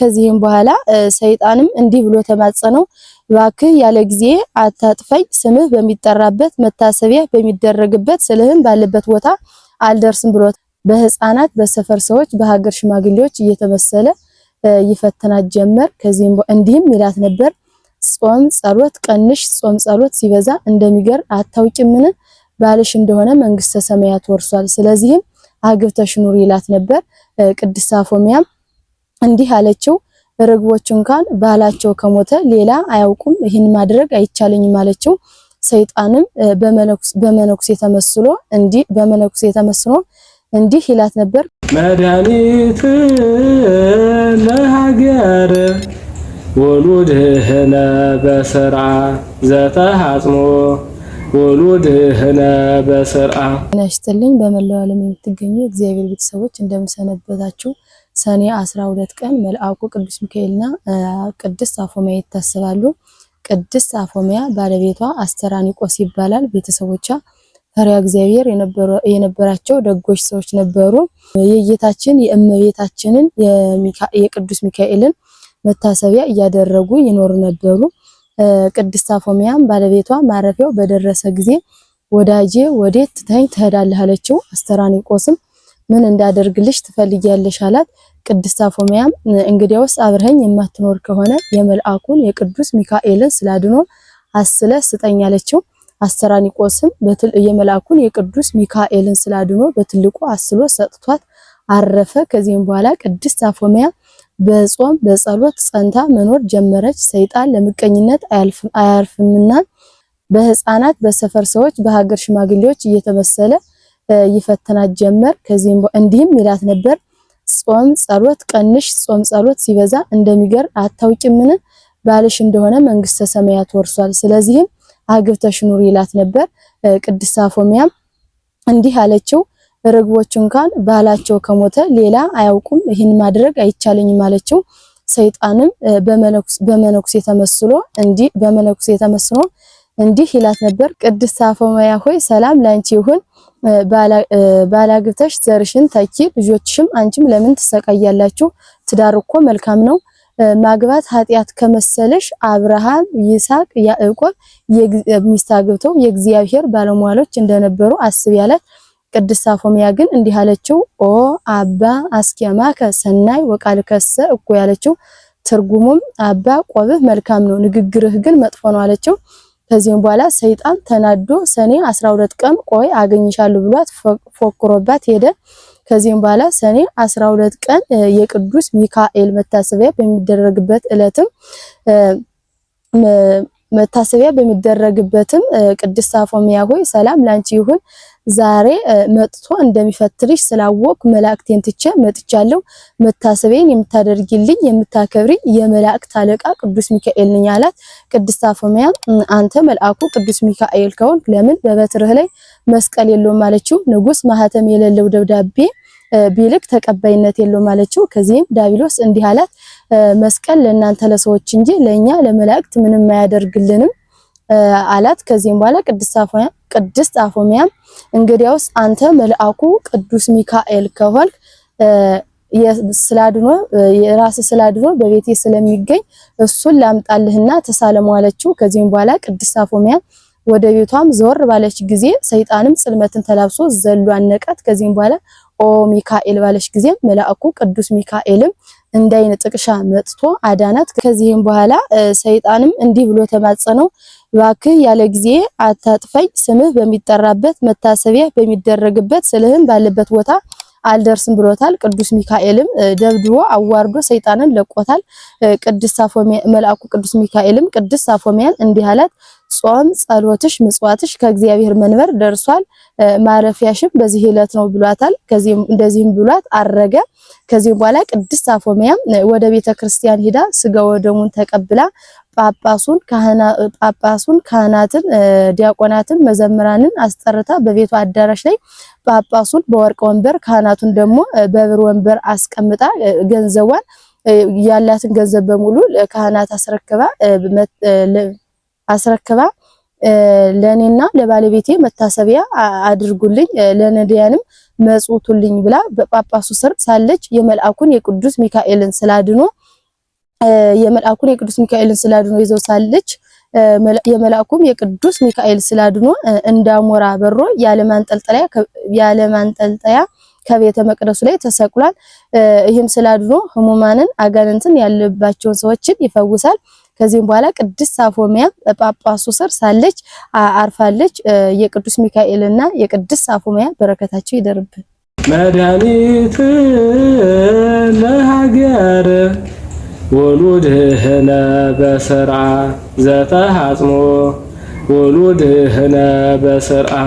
ከዚህም በኋላ ሰይጣንም እንዲህ ብሎ ተማጸነው፣ እባክህ ያለ ጊዜ አታጥፈኝ፣ ስምህ በሚጠራበት መታሰቢያ በሚደረግበት ስልህም ባለበት ቦታ አልደርስም ብሎ በህፃናት በሰፈር ሰዎች በሀገር ሽማግሌዎች እየተመሰለ ይፈተናት ጀመር። ከዚህም እንዲህም ይላት ነበር ጾም ጸሎት ቀንሽ፣ ጾም ጸሎት ሲበዛ እንደሚገር አታውቂምን? ባልሽ እንደሆነ መንግስተ ሰማያት ወርሷል። ስለዚህም አግብተሽ ኑሪ ይላት ነበር። ቅድስት አፎሚያም እንዲህ አለችው፣ ርግቦች እንኳን ባላቸው ከሞተ ሌላ አያውቁም፣ ይህን ማድረግ አይቻለኝም አለችው። ሰይጣንም በመነኩሴ ተመስሎ እንዲህ በመነኩሴ ተመስሎ እንዲህ ይላት ነበር መድኃኒት ለሀገር ወሉድህነ በስርዓ ዘተሃጽሞ ወሉድህነ በስርዓ ነሽትልኝ በመላው ዓለም የምትገኙ እግዚአብሔር ቤተሰቦች እንደምሰነበታችሁ ሰኔ 12 ቀን መልአኩ ቅዱስ ሚካኤልና ቅድስት አፎሚያ ይታሰባሉ። ቅድስት አፎሚያ ባለቤቷ አስተራኒቆስ ይባላል። ቤተሰቦቿ ፈሪያ እግዚአብሔር የነበራቸው ደጎች ሰዎች ነበሩ። የጌታችን የእመቤታችንን የቅዱስ ሚካኤልን መታሰቢያ እያደረጉ ይኖሩ ነበሩ። ቅድስት አፎሚያም ባለቤቷ ማረፊያው በደረሰ ጊዜ ወዳጄ ወዴት ትተኝ ትሄዳለህ? አለችው። አስተራኒቆስም ምን እንዳደርግልሽ ትፈልጊያለሽ አላት። ቅድስት አፎሚያም እንግዲያውስ አብረኸኝ የማትኖር ከሆነ የመልአኩን የቅዱስ ሚካኤልን ስላድኖ አስለ ስጠኝ አለችው። አስተራኒቆስም የመልአኩን የቅዱስ ሚካኤልን ስላድኖ በትልቁ አስሎ ሰጥቷት አረፈ። ከዚህም በኋላ ቅድስት አፎሚያ በጾም በጸሎት ጸንታ መኖር ጀመረች። ሰይጣን ለምቀኝነት አያርፍምና በህፃናት፣ በሰፈር ሰዎች፣ በሀገር ሽማግሌዎች እየተመሰለ ይፈትናት ጀመር። ከዚህም እንዲህም ይላት ነበር፣ ጾም ጸሎት ቀንሽ፣ ጾም ጸሎት ሲበዛ እንደሚገር አታውቂምን? ባልሽ እንደሆነ መንግስተ ሰማያት ወርሷል። ስለዚህም አግብተሽ ኑሪ ይላት ነበር። ቅድስት አፎሚያም እንዲህ አለችው፣ ርግቦች እንኳን ባላቸው ከሞተ ሌላ አያውቁም፣ ይህን ማድረግ አይቻለኝም አለችው። ሰይጣንም በመነኩሴ ተመስሎ እንዲህ በመነኩሴ ተመስሎ እንዲህ ይላት ነበር፣ ቅድስት አፎሚያ ሆይ ሰላም ላንቺ ይሁን ባላግብተሽ ዘርሽን ተኪ፣ ልጆችሽም አንቺም ለምን ትሰቃያላችሁ? ትዳር እኮ መልካም ነው። ማግባት ኃጢአት ከመሰለሽ አብርሃም፣ ይስሐቅ፣ ያዕቆብ ሚስት አግብተው የእግዚአብሔር ባለሟሎች እንደነበሩ አስብ ያላት ቅድስት አፎሚያ ግን እንዲህ አለችው፣ ኦ አባ አስኬማ ከሰናይ ወቃል ከሰ እኮ ያለችው። ትርጉሙም አባ ቆብህ መልካም ነው፣ ንግግርህ ግን መጥፎ ነው አለችው። ከዚህም በኋላ ሰይጣን ተናዶ ሰኔ 12 ቀን ቆይ አገኝሻለሁ ብሏት ፎክሮባት ሄደ። ከዚህም በኋላ ሰኔ 12 ቀን የቅዱስ ሚካኤል መታሰቢያ በሚደረግበት እለትም መታሰቢያ በሚደረግበትም ቅድስት ሶፎንያ ሆይ ሰላም ላንቺ ይሁን ዛሬ መጥቶ እንደሚፈትርሽ ስላወቅ መላእክቴን ትቼ መጥቻለሁ። መታሰቤን የምታደርግልኝ የምታከብሪኝ የመላእክት አለቃ ቅዱስ ሚካኤል ነኝ አላት። ቅድስት አፎሚያ አንተ መልአኩ ቅዱስ ሚካኤል ከሆን ለምን በበትርህ ላይ መስቀል የለውም አለችው። ንጉስ ማህተም የሌለው ደብዳቤ ቢልክ ተቀባይነት የለውም አለችው። ከዚህም ዳቢሎስ እንዲህ አላት፣ መስቀል ለእናንተ ለሰዎች እንጂ ለእኛ ለመላእክት ምንም አያደርግልንም አላት። ከዚህም በኋላ ቅድስት አፎሚያ ቅድስት አፎሚያም እንግዲያውስ አንተ መልአኩ ቅዱስ ሚካኤል ከሆንክ ስላድኖ የራስ ስላድኖ በቤቴ ስለሚገኝ እሱን ላምጣልህና ተሳለሙ አለችው። ከዚህም በኋላ ቅድስት አፎሚያ ወደ ቤቷም ዘወር ባለች ጊዜ ሰይጣንም ጽልመትን ተላብሶ ዘሎ አነቃት። ከዚህም በኋላ ኦ ሚካኤል ባለች ጊዜ መልአኩ ቅዱስ ሚካኤልም እንዳይነጥቅሻ መጥቶ አዳናት። ከዚህም በኋላ ሰይጣንም እንዲህ ብሎ ተማጸነው። እባክህ ያለ ጊዜ አታጥፈኝ፣ ስምህ በሚጠራበት መታሰቢያ በሚደረግበት ስልህም ባለበት ቦታ አልደርስም ብሎታል። ቅዱስ ሚካኤልም ደብድቦ አዋርዶ ሰይጣንን ለቆታል። ቅዱስ ሳፎሚያ መልአኩ ቅዱስ ሚካኤልም ቅዱስ ሳፎሚያን እንዲህ አላት፣ ጾም፣ ጸሎትሽ፣ ምጽዋትሽ ከእግዚአብሔር መንበር ደርሷል፣ ማረፊያሽም በዚህ ዕለት ነው ብሏታል። እንደዚህም ብሏት አረገ። ከዚህም በኋላ ቅድስት አፎሚያም ወደ ቤተ ክርስቲያን ሂዳ ስጋ ወደሙን ተቀብላ ጳጳሱን ጳጳሱን ካህናትን፣ ዲያቆናትን፣ መዘምራንን አስጠርታ በቤቱ አዳራሽ ላይ ጳጳሱን በወርቅ ወንበር ካህናቱን ደግሞ በብር ወንበር አስቀምጣ ገንዘቧን ያላትን ገንዘብ በሙሉ ካህናት አስረክባ አስረክባ ለእኔና ለባለቤቴ መታሰቢያ አድርጉልኝ ለነዳያንም መጽውቱልኝ ብላ በጳጳሱ ስር ሳለች የመልአኩን የቅዱስ ሚካኤልን ስላድኖ የመልአኩን የቅዱስ ሚካኤልን ስላድኖ ይዘው ሳለች የመልአኩም የቅዱስ ሚካኤል ስላድኖ እንዳሞራ በሮ ያለማንጠልጠያ ያለማንጠልጠያ ከቤተ መቅደሱ ላይ ተሰቅሏል። ይህም ስላድኖ ህሙማንን፣ አጋንንትን ያለባቸውን ሰዎችን ይፈውሳል። ከዚህም በኋላ ቅድስት አፎሚያ ጳጳሱ ስር ሳለች አርፋለች። የቅዱስ ሚካኤልና የቅድስት አፎሚያ በረከታቸው ይደርብን። መድኃኒት ለሀገር ወሉድህነ በስርዓ ዘተሃጽሞ ወሉድህነ በስርዓ